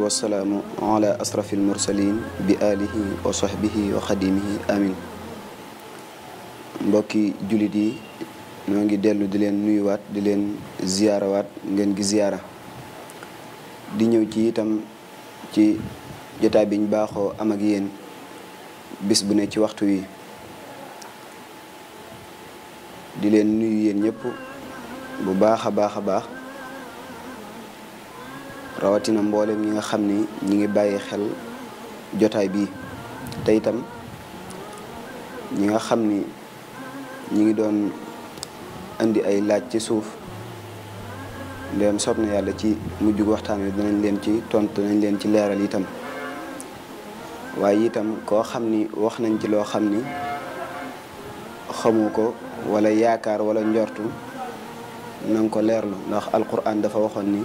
wasalaatu wasalaamu ala asrafi almursalin bi alihi wa sahbihi wa xadimihi amin mbokki jullit yi noo ngi dellu di leen nuyuwaat di leen ziyaarawaat ngeen gi ziyaara di ñëw ci itam ci jotaay biñ baaxoo am ak bis bu ne ci waxtu wi di leen nuyu yéen ñëpp bu baax a baax a baax rawatina mbooleem ñi nga xam ni ñi ngi bàyyi xel jotaay bii te itam ñi nga xam ni ñi ngi doon indi ay laaj ci suuf ndéem soob na yàlla ci mujjug waxtaan wi danañ leen ci tontu danañ leen ci leeral itam waaye itam koo xam ni wax nañ ci loo xam ni xamu ko wala yaakaar wala njortu na ko leerlu ndax alquran dafa waxoon ni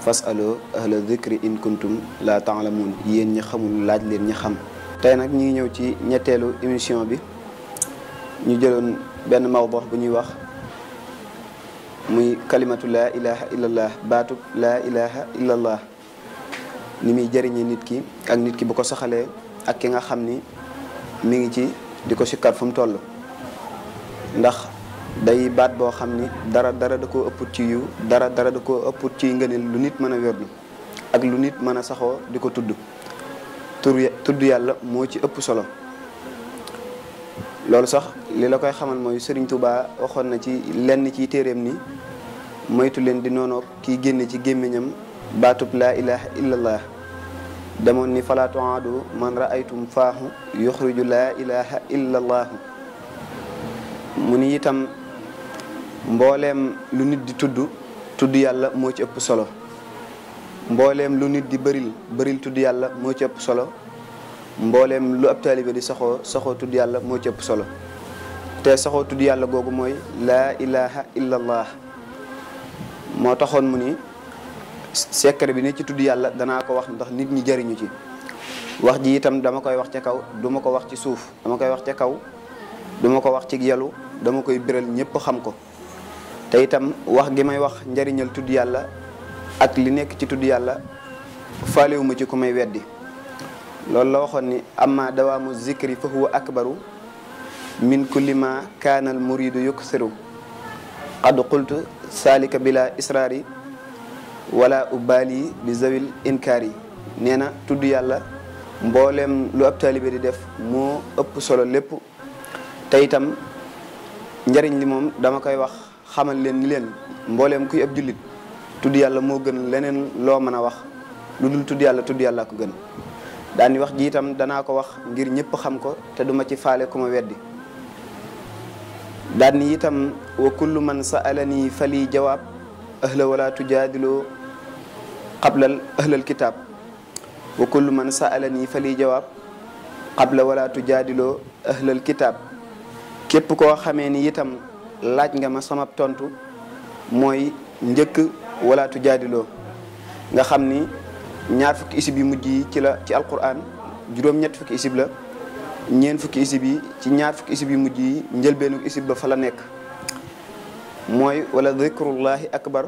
fasaloo ahla dikri in kuntum la la taalamuun yéen ñi xamul laaj leen ñi xam tey nag ñu ngi ñëw ci ñetteelu émission bi ñu jëloon benn mawdoox bu ñuy wax muy kalimatu la ilaha illallah baatub laa ilaha illallah ni muy jëriñe nit ki ak nit ki bu ko saxalee ak ki nga xam ni mu ngi ci di ko sikkar fu mu toll ndax day baat boo xam ni dara dara da koo ëpp ci yiw dara dara da koo ëpp ci ngëneel lu nit mën a werdu ak lu nit mën a saxoo di ko tudd tur tudd yàlla moo ci ëpp solo loolu sax li la koy xamal mooy Sëriñ Tuubaa waxoon na ci lenn ci téeréem ni moytu leen di noonoo kiy génne ci gémmiñam baatub laa ilaha illallah demoon ni fala tuaadu man raaytum faahu yuxriju laa ilaha illallahu mu ni itam mbooleem lu nit di tudd tudd yàlla moo ci ëpp solo mbooleem lu nit di bëril bëril tudd yàlla moo ci ëpp solo mbooleem lu ab taalibe di saxoo tudd yàlla moo ci solo te saxoo tudd yàlla googu mooy laa ilaha illa moo taxoon mu ni secret bi ne ci tudd yàlla danaa ko wax ndax nit ñi jariñu ci wax ji itam dama koy wax ca kaw duma ko wax ci suuf dama koy wax ca kaw duma ko wax ci yalu dama koy biral ñëpp xam ko te itam wax gi may wax njariñal tudd yàlla ak li nekk ci tudd yàlla faalewuma ci ku may weddi loolu la waxoon ni amma dawaamu zikri fa huwa akbaru min kulli ma kaanal muridu yuksiru qad qultu saalika bila israari wala ubaali bi zawil inkaari nee na tudd yàlla mbooleem lu ab taalibe def moo ëpp solo lépp te itam njariñ li moom dama koy wax xamal leen ni leen mbooleem kuy ab jullit tudd yàlla moo gën leneen loo mën a wax lu dul tudd yàlla tudd yàlla ko gën daani wax ji itam danaa ko wax ngir ñëpp xam ko te duma ci faale ku ma weddi daani itam wa kullu man sa'alani fali jawaab ahla wala tujaadiloo qablal ahlal kitaab wa kullu man sa'alani fali jawaab qabla wala tujaadiloo ahlal kitaab képp koo xamee ni itam laaj nga ma sama tontu mooy njëkk wala tujaadiloo nga xam ni ñaar fukki isib yu mujj yi ci la ci alquran juróom fukki isib la ñeen fukki isib yi ci ñaar fukki isib yi mujj yi njëlbeenu isib ba fala nekk mooy wala zikrullahi akbar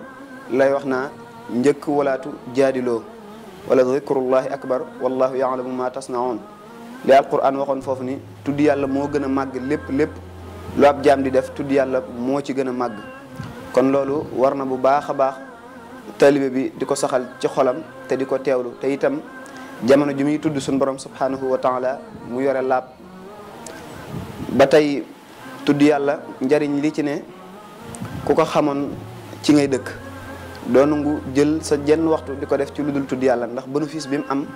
lay wax naa njëkk walaatu jaadiloo wala zikrullahi akbar wallahu yaalamu ma tasnaoon li alquran waxoon foofu ni tudd yàlla moo gën a màgg lépp lépp lu ab jaam di def tudd yàlla moo ci gën a màgg kon loolu war na bu baax a baax taalibe bi di ko saxal ci xolam te di ko teewlu te itam jamono ji muy tudd suñu borom subhanahu wa taala mu yore laab ba tey tudd yàlla njariñ li ci ne ku ko xamoon ci ngay dëkk doo nangu jël sa jenn waxtu di ko def ci lu dul tudd yàlla ndax bénéfice bi mu am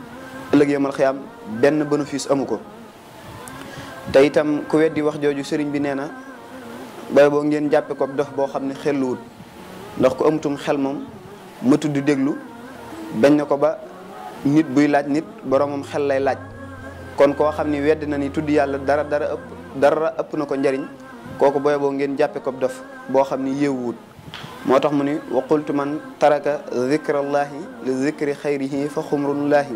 ëllëg yomal xiyaam benn bénéfice amu ko te itam ku weddi wax jooju sëriñ bi nee na bay boo ngeen jàppe ko dox boo xam ne xelluwut ndax ku amatum xel moom ma tudd déglu bañ na ko ba nit buy laaj nit boromam xel lay laaj kon koo xam ne wedd na ni tudd yàlla dara dara ëpp dara ëpp na ko njariñ kooku boy boo ngeen jàppe ko dof boo xam ni yéewuwut moo tax mu ne wa qultu man taraka zikrallahi li zikri xayrihi fa xumrullahi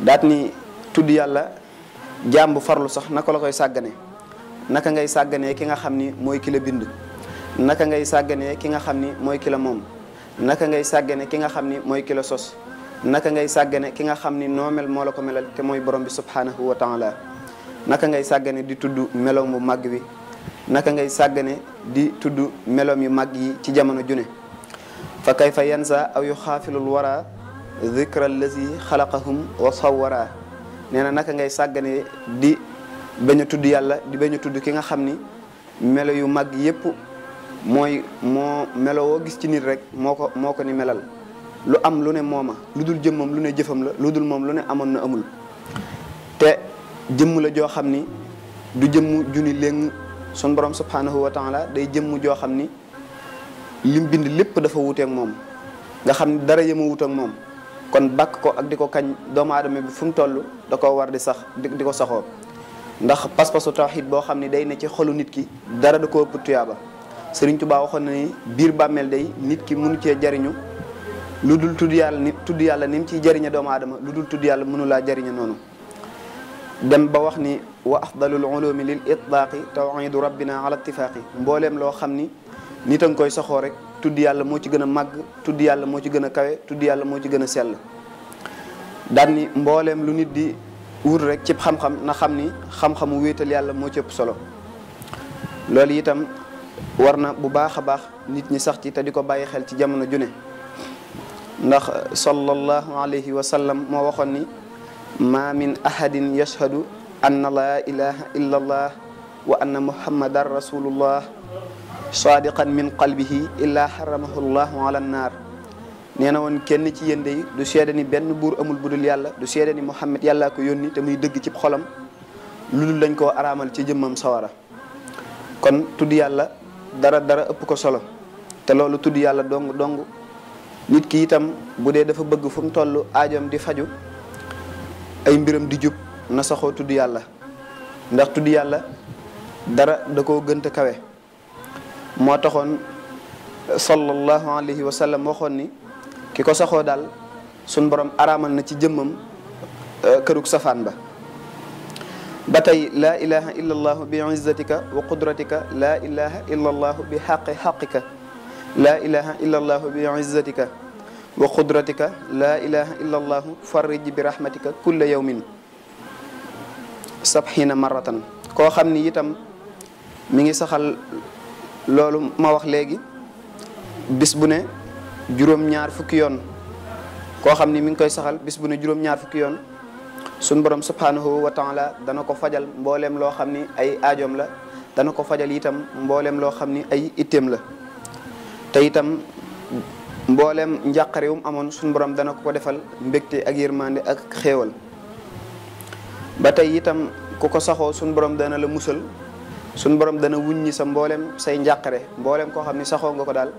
daat ni tudd yàlla jaam farlu sax naka la koy sàggane naka ngay sàgganee ki nga xam ni mooy ki la bind naka ngay sàgganee ki nga xam ni mooy ki moom naka ngay sàggane ki nga xam ni mooy ki sos naka ngay sàggane ki nga xam ni noo moo la ko melal te mooy borom bi subhaanahu wa taala naka ngay sàggane di tudd meloom bu màgg bi naka ngay sàggane di tudd meloom yu màgg yi ci jamono june fa kayfa yansa aw yu xaafilul wara dikra allazi xalaqahum wa sawwara nee na naka ngay sàggane di bañ a tudd yàlla di bañ a tudd ki nga xam ni melo yu mag yépp mooy moo melo gis ci nit rek moo ko moo ko ni melal lu am lu ne mooma lu dul jëmmam lu ne jëfam la lu dul moom lu ne amoon na amul te jëmmula la joo xam ni du jëmm junni léng sun borom subhanahu wa la day jëmmu joo xam ni lim bind lépp dafa wuuteeg moom nga xam ni dara yema wuuteeg moom kon bàkk ko ak di ko kañ doomu aadama bi fu mu toll da koo war di sax di ko saxoo ndax pas-pasu tawxiid boo xam ne day ne ci xolu nit ki dara da ko ëpp tuyaaba Sëriñ Tuubaa waxoon na ni biir bàmmeel day nit ki mënu cee jariñu lu dul tudd yàlla ni tudd yàlla ni mu ciy jariñe doomu aadama lu dul tudd yàlla mënu laa jariñe noonu dem ba wax ni wa afdalul ulumi lil itlaaqi tawxiidu rabbina ala ittifaaqi mbooleem loo xam ni nit a nga koy saxoo rek tudd yàlla moo ci gën a màgg tudd yàlla moo ci gën a kawe tudd yàlla moo ci gën a sell daan ni mbooleem lu nit di wut rek ci xam-xam na xam ni xam-xamu wéetal yàlla moo ci solo loolu itam war na bu baax a baax nit ñi sax ci te di ko bàyyi xel ci jamono ju ne ndax sallallahu alayhi wa moo waxoon ni ma min ahadin yashhadu anna laa ilaha illa wa anna muhammadan rasulullah saadiqan min qalbihi illaa xaramahu llahu ala nnaar nee na woon kenn ci yéen day du seede ni benn buur amul bu dul yàlla du seede ni Muhammad yàllaa ko yónni te muy dëgg ci xolam lu lañ koo araamal ci jëmmam sawara kon tudd yàlla dara dara ëpp ko solo te loolu tudd yàlla dong dong nit ki itam bu dee dafa bëgg fu mu toll aajoom di faju ay mbiram di jub na saxoo tudd yàlla ndax tudd yàlla dara da koo gënt kawe moo taxoon sallallahu alayhi wa sallam waxoon ki ko saxoo daal sun borom araamal na ci jëmmam euh, kërug safaan ba ba la laa ilaha illa allahu bi izzatika wa qudratika laa ilaha illa allahu bi wa qudratika laa ilaha illa allahu farrij bi rahmatika kulla yawmin sabxiina maratan koo xam ni itam mi saxal loolu ma wax léegi bis bu ne juróom-ñaar fukki yoon koo xam ni mi ngi koy saxal bis bu ne juróom yoon suñ borom subhanahu wa la dana ko fajal mbooleem loo xam ni ay aajoom la dana ko fajal itam mbooleem loo xam ni ay itteem la te itam mboolem njàqare wum amoon suñ borom dana ko ko defal mbégte ak yërmande ak xéewal ba tey itam ku ko saxoo suñ borom dana la musal suñ borom dana wuñ wuññi sa mboolem say njàqare mboolem koo xam ni saxoo nga ko daal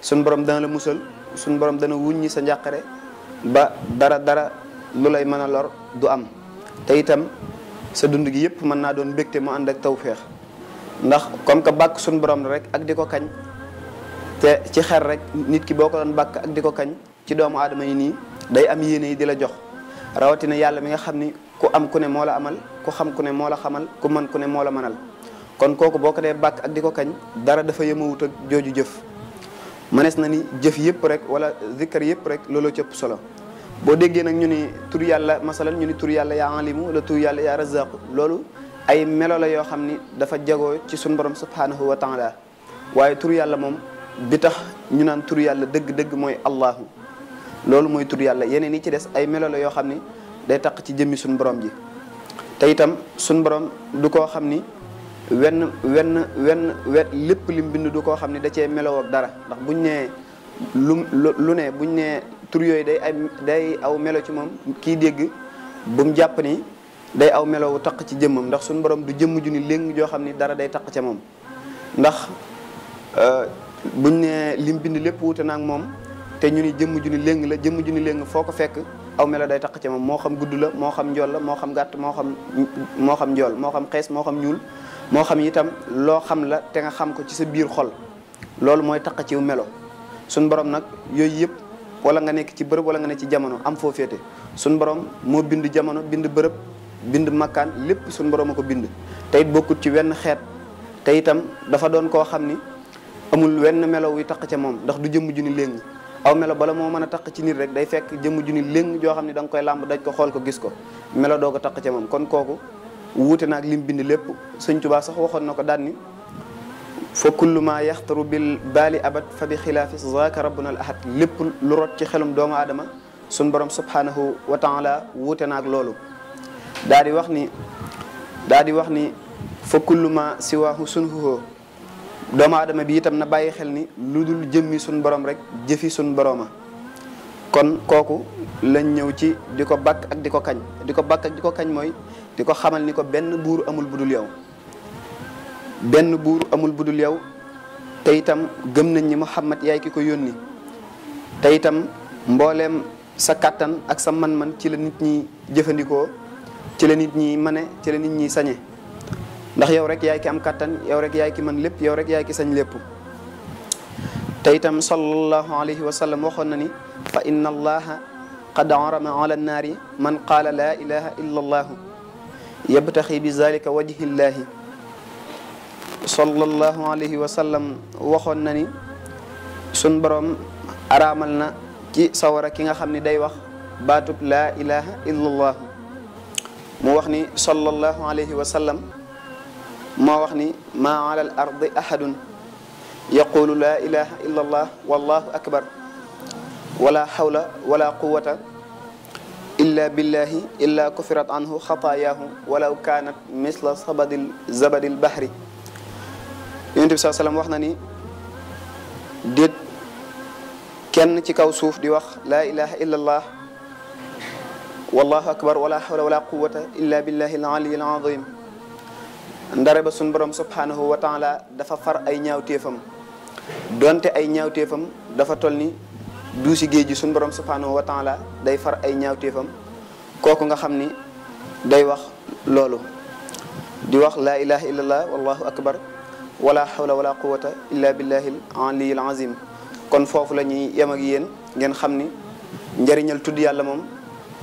suñ borom dana la musal suñ borom dana wuñ wuññi sa njàqare ba dara dara lu lay mën a lor du am te itam sa dund gi yëpp mën naa doon mbégte mu ànd ak tawféex ndax comme que bàkk suñ borom rek ak di ko kañ te ci xer rek nit ki boo ko doon bàkk ak di ko kañ ci doomu aadama yi nii day am yéene yi di la jox rawatina yàlla mi nga xam ni ku am ku ne moo la amal ku xam ku ne moo la xamal ku mën ku ne moo la mënal kon kooku boo ko dee bàkk ak di ko kañ dara dafa yemawut ak jooju jëf mënees na ni jëf yëpp rek wala zikkar yëpp rek looloo cëpp solo boo déggee nag ñu ni tur yàlla masalan ñu ni tur yàlla yaa alimu wala tur yàlla yaa razaqu loolu ay melo yoo xam ni dafa jegoo ci suñu borom subhanahu wa taala waaye tur yàlla moom bi tax ñu naan tur yàlla dëgg-dëgg mooy allahu loolu mooy tur yàlla yeneen yi ci des ay melo yoo xam ni day taq ci jëmmi suñu borom ji ni wenn wenn wenn we lépp lim bind du koo xam ne da cee meloo dara ndax buñ nee lu lu ne buñ nee tur yooyu day ay day aw melo ci moom kii dégg bu jàpp ni day aw melo wu taq ci jëmmam ndax suñu borom du jëmm ju ni joo xam ni dara day taq ca moom ndax euh, buñ nee lim bind lépp wuute na ak moom te ñu ni jëmm ju ni léng la jëmm ju ni léng foo ko fekk aw melo day taq ca moom moo xam gudd la moo xam njool la moo xam gàtt moo xam moo xam njool moo xam xees moo xam ñuul moo xam itam loo xam la te nga xam ko ci sa biir xol loolu mooy taq ci melo suñ borom nag yooyu yëpp wala nga nekk ci bërëb wala nga nekk ci jamono am foo féete suñ borom moo bind jamono bind bërëb bind makkaan lépp suñ borom a ko bind te it bokkut ci wenn xeet te itam dafa doon koo xam ni amul wenn melo wuy taq ca moom ndax du jëmm ju ni léng aw melo bala moo mën a taq ci nit rek day fekk jëm ju ni léng joo xam ne da nga koy làmb daj ko xool ko gis ko melo doo ko taq ca moom kon kooku wuute na ak lim bind lépp sëñ Tuubaa sax waxoon na ko daan ni fa kullu ma yaxtaru bil baali abat fa bi xilaafi zaaka rabbuna al ahad lépp lu rot ci xelum doomu aadama sun borom subhanahu wa taala wuute na ak loolu daa di wax ni daa di wax ni fa kullu ma siwaahu doomu aadama bi itam na bàyyi xel ni lu dul jëmmi sun borom rek jëfi sun boroma kon kooku lañ ñëw ci di ko bakk ak di ko kañ di ko bakk ak di ko kañ mooy di ko xamal ni ko benn buur amul budul yow benn buur amul budul yow te gëm nañ ni Muhammad yaay ki ko yónni te mboolem sa kàttan ak sa man-man ci la nit ñi jëfandikoo ci la nit ñi mane ci la nit ñi sañe ndax yow rek yaay ki am kàttan yow rek yaay ki man lépp yow rek yaay ki sañ lépp te itam sallallahu alayhi wa sallam waxoon na ni fa inna allaha qad arama ala nnaari man qaala laa ilaha illa allahu yabtaxi bi zalika wajhillaahi sallallahu alayhi wa sallam waxoon na ni sun borom araamal na ci sawara ki nga xam ni day wax baatub laa ilaha illallah mu wax ni sallallahu alayhi wa sallam moo wax ni maa ala al ardi ahadun yaqulu laa ilaha illallah wallahu akbar wala hawla wala quwata illa billahi illa kufirat anhu xataayaahu walaw kaanat misla sabadil zabadil bahri yonent bi wax na ni déet kenn ci kaw suuf di wax laa ilaha illa allah wallahu akbar wala hawla wala quwata illa billahi al ali ba sun borom subhanahu wa dafa far ay ñaawteefam donte ay ñaawteefam dafa toll ni duusi géej gi sun borom subhanahu wa day far ay ñaawteefam kooku nga xam ni day wax loolu di wax laa ilaha illallah wallahu akbar wala hawla wala quwata illa billahi aliyil azim kon foofu la ñuy yem ak yéen ngeen xam ni njariñal tudd yàlla moom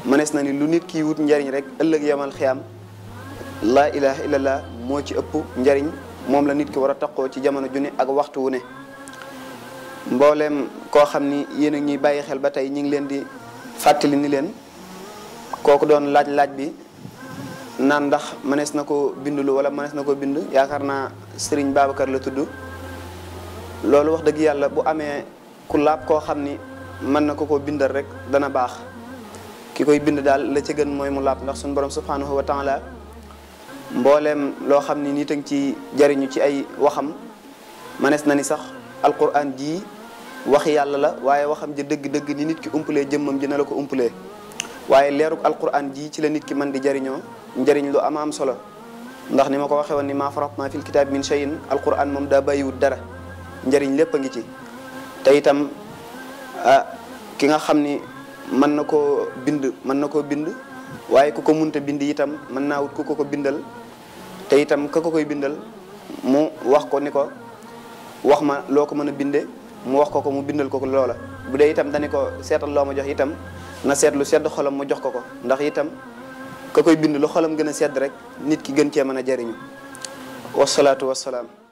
mënees na ni lu nit ki wut njariñ rek ëllëg yemal xiyaam laa ilaha illallah moo ci ëpp njariñ moom la nit ki war a taqoo ci jamono ju ne ak waxtu wu ne mbooleem koo xam ni yéen a ñuy bàyyi xel ba tey ñu ngi leen di fàttali ni leen kooku doon laaj laaj bi naan ndax mënees na ko bindulu wala mënees na ko bind yaakaar naa Serigne Babacar la tudd loolu wax dëgg yàlla bu amee ku laab koo xam ni mën na ko ko bindal rek dana baax ki koy bind daal la ci gën mooy mu laab ndax suñu borom subhanahu wa taala mbooleem loo xam ni nit a ngi ci jariñu ci ay waxam mënees na ni sax alquran ji wax yàlla la waaye waxam ji dëgg-dëgg ni nit ki umpalee jëmmam ji na la ko umpalee waaye leeruk alquran ji ci la nit ki mën di jariñoo njariñ lu ama am solo ndax ni ma ko waxee woon ni ma farratna fil kitaab min shay'in alquran moom daa bàyyiwut dara njariñ lépp a ngi ci te itam ki nga xam ni mën na ko bind mën na koo bind waaye ku ko munta bind itam mën naa wut ku ko ko bindal te itam ka ko koy bindal mu wax ko ni ko wax ma loo ko mën a binde mu wax ko ko mu bindal ko loola bu dee itam dani ko seetal loo ma jox itam na seet lu sedd xolam mu jox ko ko ndax itam ka koy bind lu xolam gën a sedd rek nit ki gën cee mën a jariñu wasalaatu wasalaam